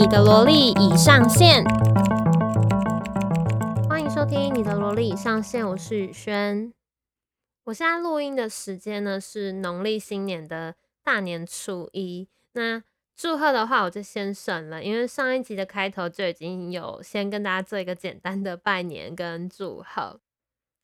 你的蘿莉已上線，歡迎收聽你的蘿莉已上線。我是雨瑄，我現在錄音的時間呢是農曆新年的大年初一。那祝賀的話，我就先省了，因為上一集的開頭就已經有先跟大家做一個簡單的拜年跟祝賀。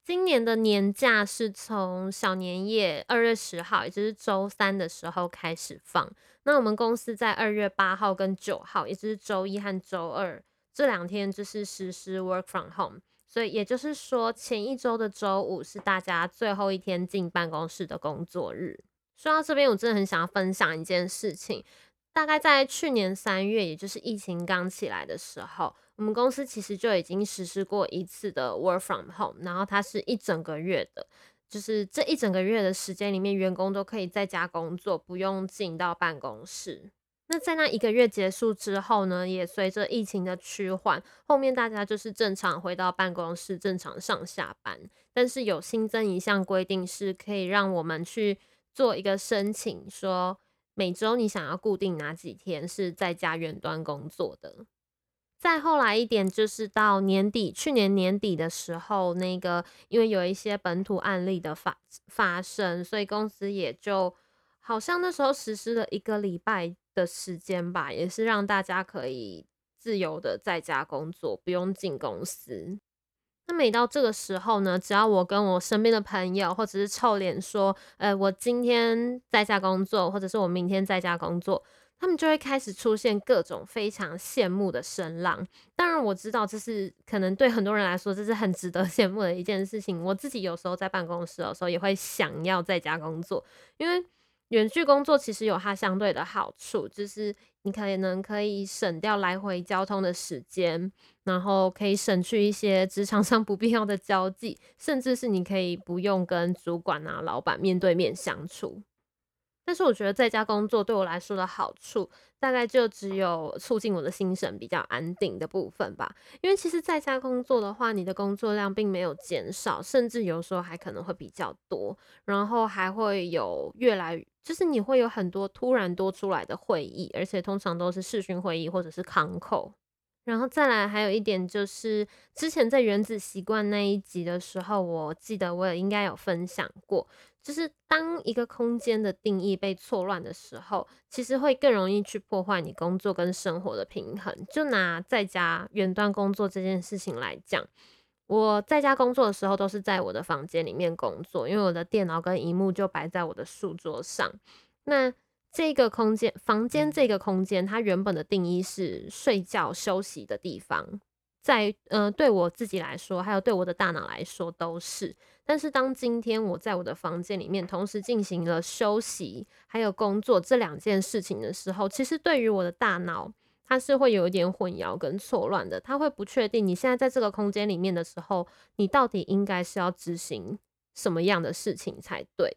今年的年假是從小年夜二月十號，也就是週三的時候開始放。那我們公司在二月八號跟九號，也就是週一和週二這兩天，就是實施 work from home。所以也就是說，前一週的週五是大家最後一天進辦公室的工作日。說到這邊，我真的很想要分享一件事情。大概在去年三月，也就是疫情剛起來的時候，我們公司其實就已經實施過一次的 work from home，然後它是一整個月的，就是這一整個月的時間裡面，員工都可以在家工作，不用進到辦公室。那在那一個月結束之後呢，也隨着疫情的趨緩，後面大家就是正常回到辦公室，正常上下班。但是有新增一項規定，是可以讓我們去做一個申請，說每周你想要固定哪幾天是在家遠端工作的。再後來一點，就是到年底，去年年底的時候，那個因為有一些本土案例的發發生，所以公司也就好像那時候實施了一個禮拜的時間吧，也是讓大家可以自由的在家工作，不用進公司。那每到這個時候呢，只要我跟我身邊的朋友或者是臭臉說，呃，我今天在家工作，或者是我明天在家工作，他們就會開始出現各種非常羨慕的聲浪。當然，我知道這是可能對很多人來說，這是很值得羨慕的一件事情。我自己有時候在辦公室的時候，也會想要在家工作，因為遠距工作其實有它相對的好處，就是你可能可以省掉來回交通的時間，然後可以省去一些職場上不必要的交際，甚至是你可以不用跟主管啊、老闆面對面相處。但是我覺得在家工作對我來說的好處，大概就只有促進我的心神比較安定的部分吧。因為其實在家工作的話，你的工作量並沒有減少，甚至有時候還可能會比較多，然後還會有越來，就是你會有很多突然多出來的會議，而且通常都是視訊會議或者是康扣。然後再來，還有一點就是，之前在《原子習慣》那一集的時候，我記得我也應該有分享過，就是當一個空間的定義被錯亂的時候，其實會更容易去破壞你工作跟生活的平衡。就拿在家遠端工作這件事情來講，我在家工作的時候都是在我的房間裡面工作，因為我的電腦跟熒幕就擺在我的書桌上。那這個空間，房間這個空間，它原本的定義是睡覺休息的地方，在呃，對我自己來說，還有對我的大腦來說都是。但是，當今天我在我的房間裡面同時進行了休息還有工作這兩件事情的時候，其實對於我的大腦，它是會有一點混淆跟錯亂的，它會不確定你現在在這個空間裡面的時候，你到底應該是要執行什麼樣的事情才對。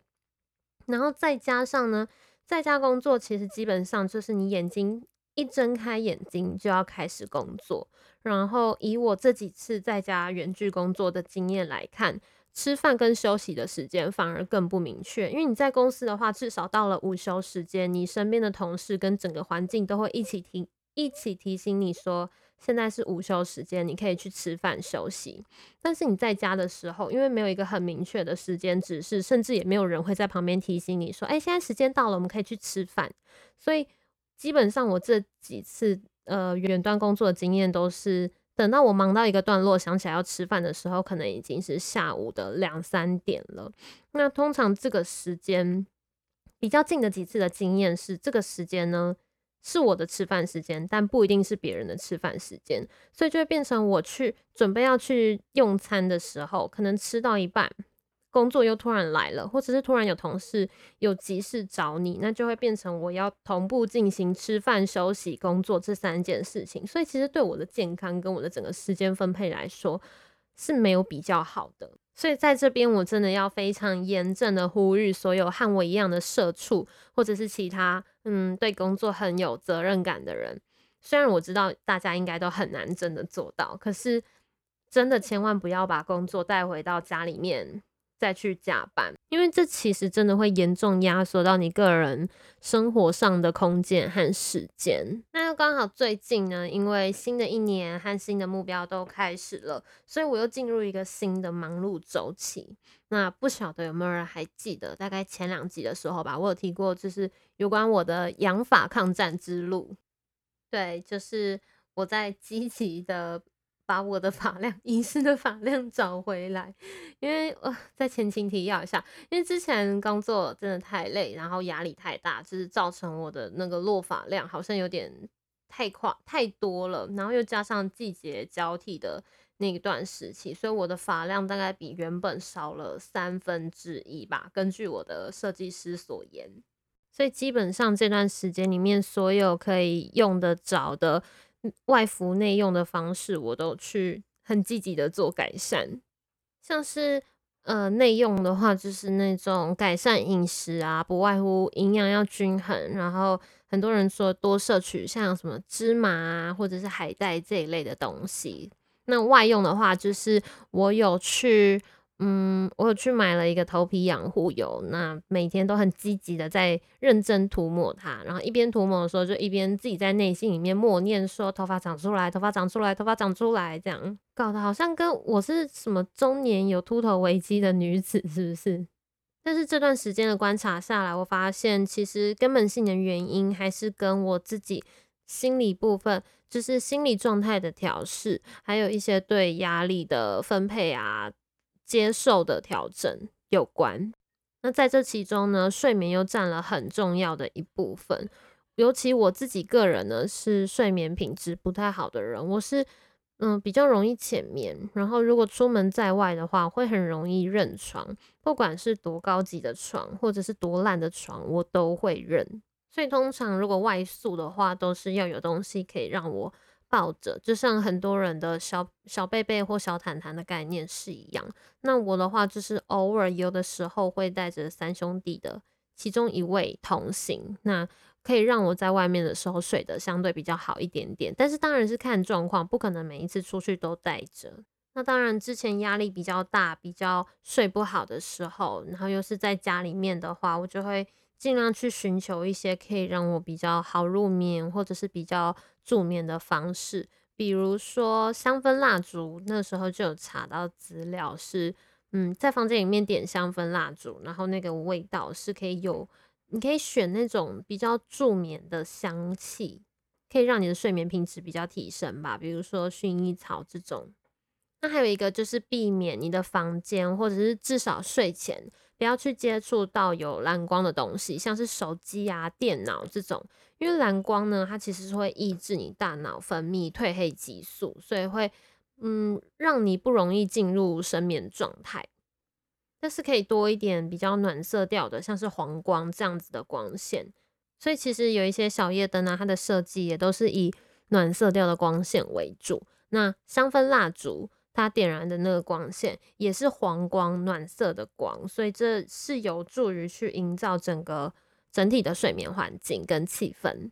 然後再加上呢。在家工作其實基本上就是你眼睛一睜開，眼睛就要開始工作，然後以我這幾次在家遠距工作的經驗來看，吃飯跟休息的時間反而更不明確。因為你在公司的話，至少到了午休時間，你身邊的同事跟整個環境都會一起提一起提醒你說。現在是午休時間，你可以去吃飯休息。但是你在家的時候，因為沒有一個很明確的時間指示，甚至也沒有人會在旁邊提醒你說：“哎，現在時間到了，我們可以去吃飯。”所以基本上我這幾次呃遠端工作的經驗都是，等到我忙到一個段落，想起來要吃飯的時候，可能已經是下午的兩三點了。那通常這個時間比較近的幾次的經驗是，這個時間呢。是我的吃飯時間，但不一定是別人的吃飯時間，所以就會變成我去準備要去用餐的時候，可能吃到一半，工作又突然來了，或者是突然有同事有急事找你，那就會變成我要同步進行吃飯、休息、工作這三件事情，所以其實對我的健康跟我的整個時間分配來說，是沒有比較好的。所以在這邊，我真的要非常嚴正的呼籲所有和我一樣的社畜，或者是其他嗯、對工作很有責任感的人。雖然我知道大家應該都很難真的做到，可是真的千萬不要把工作帶回到家裡面，再去加班，因為這其實真的會嚴重壓縮到你個人生活上的空間和時間。那又剛好最近呢，因為新的一年和新的目標都開始了，所以我又進入一個新的忙碌週期。那不曉得有沒有人還記得，大概前兩集的時候吧，我有提過，就是有關我的養法抗戰之路。對，就是我在積極的。把我的髮量，遺失的髮量找回來。因為我在前情提要一下，因為之前工作真的太累，然後壓力太大，就是造成我的那個落髮量好像有點太快太多了。然後又加上季節交替的那段時期，所以我的髮量大概比原本少了三分之一吧。根據我的設計師所言，所以基本上這段時間裡面，所有可以用得着的。外服、內用的方式，我都去很積極的做改善。像是呃內用的話，就是那種改善飲食啊，不外乎營養要均衡，然後很多人說多攝取像什麼芝麻啊，或者是海帶這一類的東西。那外用的話，就是我有去。嗯，我有去買了一個頭皮養護油，那每天都很積極的在認真塗抹它，然後一邊塗抹的時候就一邊自己在內心裡面默念說頭髮長出來，頭髮長出來，頭髮長出來，這樣搞得好像跟我是什麼中年有禿頭危機的女子是不是？但是這段時間的觀察下來，我發現其實根本性的原因還是跟我自己心理部分，就是心理狀態的調適，還有一些對壓力的分配啊。接受的調整有關。那在這其中呢，睡眠又佔了很重要的一部分。尤其我自己個人呢，是睡眠品質不太好的人。我是嗯、呃、比較容易淺眠，然後如果出門在外的話，會很容易認床。不管是多高級的床，或者是多爛的床，我都會認。所以通常如果外宿的話，都是要有東西可以讓我，抱着，就像很多人的小小貝貝或小毯毯的概念是一樣。那我的話就是偶爾有的時候會帶着三兄弟的其中一位同行，那可以讓我在外面的時候睡得相對比較好一點點。但是當然是看狀況，不可能每一次出去都帶着。那當然之前壓力比較大、比較睡不好的時候，然後又是在家裡面的話，我就會盡量去尋求一些可以讓我比較好入眠，或者是比較。助眠的方式，比如說香氛蠟燭。那時候就有查到資料是，是嗯，在房間裡面點香氛蠟燭，然後那個味道是可以有，你可以選那種比較助眠的香氣，可以讓你的睡眠品質比較提升吧。比如說薰衣草這種。那還有一個就是避免你的房間，或者是至少睡前不要去接觸到有藍光的東西，像是手機啊、電腦這種，因為藍光呢，它其實是會抑制你大腦分泌褪黑激素，所以會嗯，讓你不容易進入深眠狀態。但是可以多一點比較暖色調的，像是黃光這樣子的光線。所以其實有一些小夜燈啊，它的設計也都是以暖色調的光線為主。那香氛蠟燭。它點燃的那個光線也是黃光、暖色的光，所以這是有助於去營造整個整體的睡眠環境跟氣氛。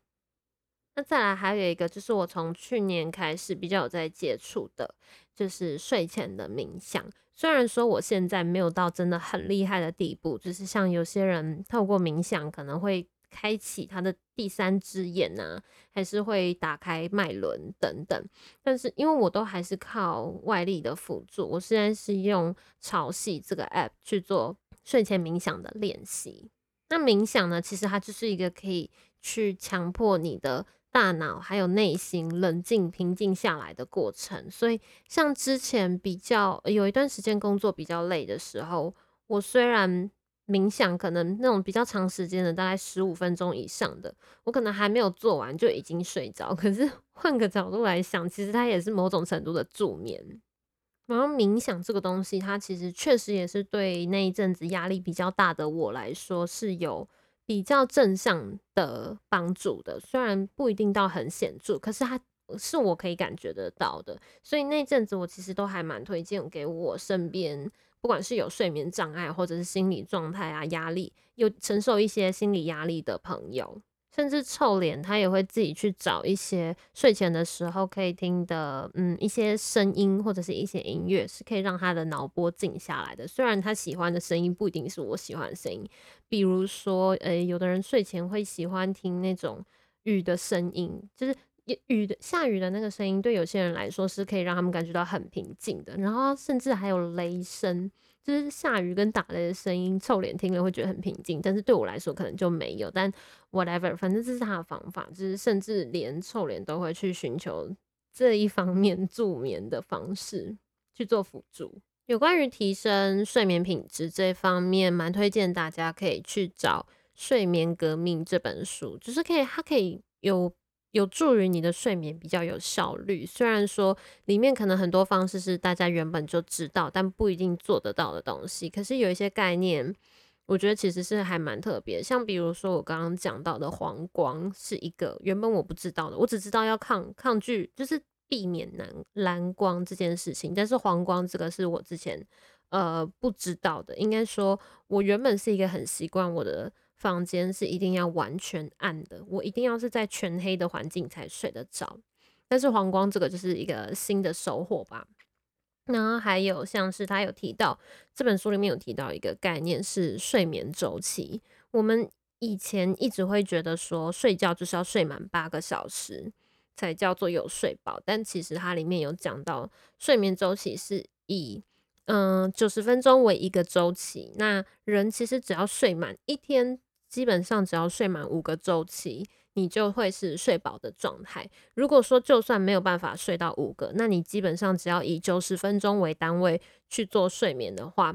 那再來還有一個就是我從去年開始比較有在接觸的，就是睡前的冥想。雖然說我現在沒有到真的很厲害的地步，就是像有些人透過冥想可能會。開啟他的第三隻眼吶、啊，還是會打開脈輪等等。但是因為我都還是靠外力的輔助，我現在是用潮汐這個 app 去做睡前冥想的練習。那冥想呢，其實它就是一個可以去強迫你的大腦還有內心冷靜、平靜下來的過程。所以像之前比較有一段時間工作比較累的時候，我雖然。冥想，可能那種比較長時間的，大概十五分鐘以上的，我可能還沒有做完就已經睡着。可是換個角度來想，其實它也是某種程度的助眠。然後冥想這個東西，它其實確實也是對那一陣子壓力比較大的我來說是有比較正向的幫助的，雖然不一定到很顯著，可是它是我可以感覺得到的。所以那陣子我其實都還蠻推薦給我身邊，不管是有睡眠障礙，或者是心理狀態啊、壓力，有承受一些心理壓力的朋友，甚至臭臉，他也會自己去找一些睡前的時候可以聽的，嗯，一些聲音或者是一些音樂，是可以讓他的腦波靜下來的。雖然他喜歡的聲音不一定是我喜歡的聲音，比如說，誒、欸，有的人睡前會喜歡聽那種雨的聲音，就是。雨的下雨的那個聲音，對有些人來說是可以讓他們感覺到很平靜的。然後甚至還有雷聲，就是下雨跟打雷的聲音，臭臉聽了會覺得很平靜。但是對我來說可能就沒有，但 whatever，反正這是他的方法，就是甚至連臭臉都會去尋求這一方面助眠的方式去做輔助。有關於提升睡眠品質這方面，蠻推薦大家可以去找《睡眠革命》這本書，就是可以，它可以有。有助於你的睡眠比較有效率。雖然說裡面可能很多方式是大家原本就知道，但不一定做得到的東西。可是有一些概念，我覺得其實是還蠻特別。像比如說我剛剛講到的黃光是一個原本我不知道的，我只知道要抗抗拒，就是避免藍藍光這件事情。但是黃光這個是我之前呃不知道的，應該說我原本是一個很習慣我的。房間是一定要完全暗的，我一定要是在全黑的環境才睡得着。但是黃光這個就是一個新的收穫吧。然後還有像是他有提到這本書裡面有提到一個概念是睡眠周期，我們以前一直會覺得說睡覺就是要睡滿八個小時才叫做有睡飽，但其實它裡面有講到睡眠周期是以嗯九十分鐘為一個周期，那人其實只要睡滿一天。基本上只要睡滿五個週期，你就會是睡飽的狀態。如果說就算沒有辦法睡到五個，那你基本上只要以九十分鐘為單位去做睡眠的話，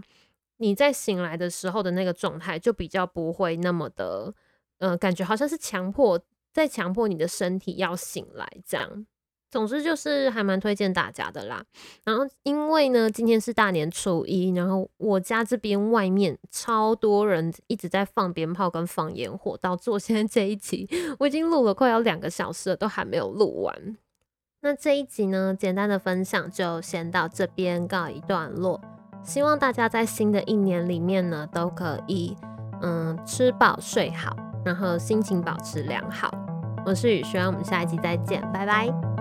你在醒來的時候的那個狀態就比較不會那麼的，呃，感覺好像是強迫，在強迫你的身體要醒來這樣。總之就是還蠻推薦大家的啦。然後因為呢，今天是大年初一，然後我家這邊外面超多人一直在放鞭炮跟放煙火，導致我現在這一集，我已經錄了快要兩個小時了，都還沒有錄完。那這一集呢，簡單的分享就先到這邊告一段落。希望大家在新的一年裡面呢，都可以嗯吃飽睡好，然後心情保持良好。我是雨瑄，我們下一集再見，拜拜。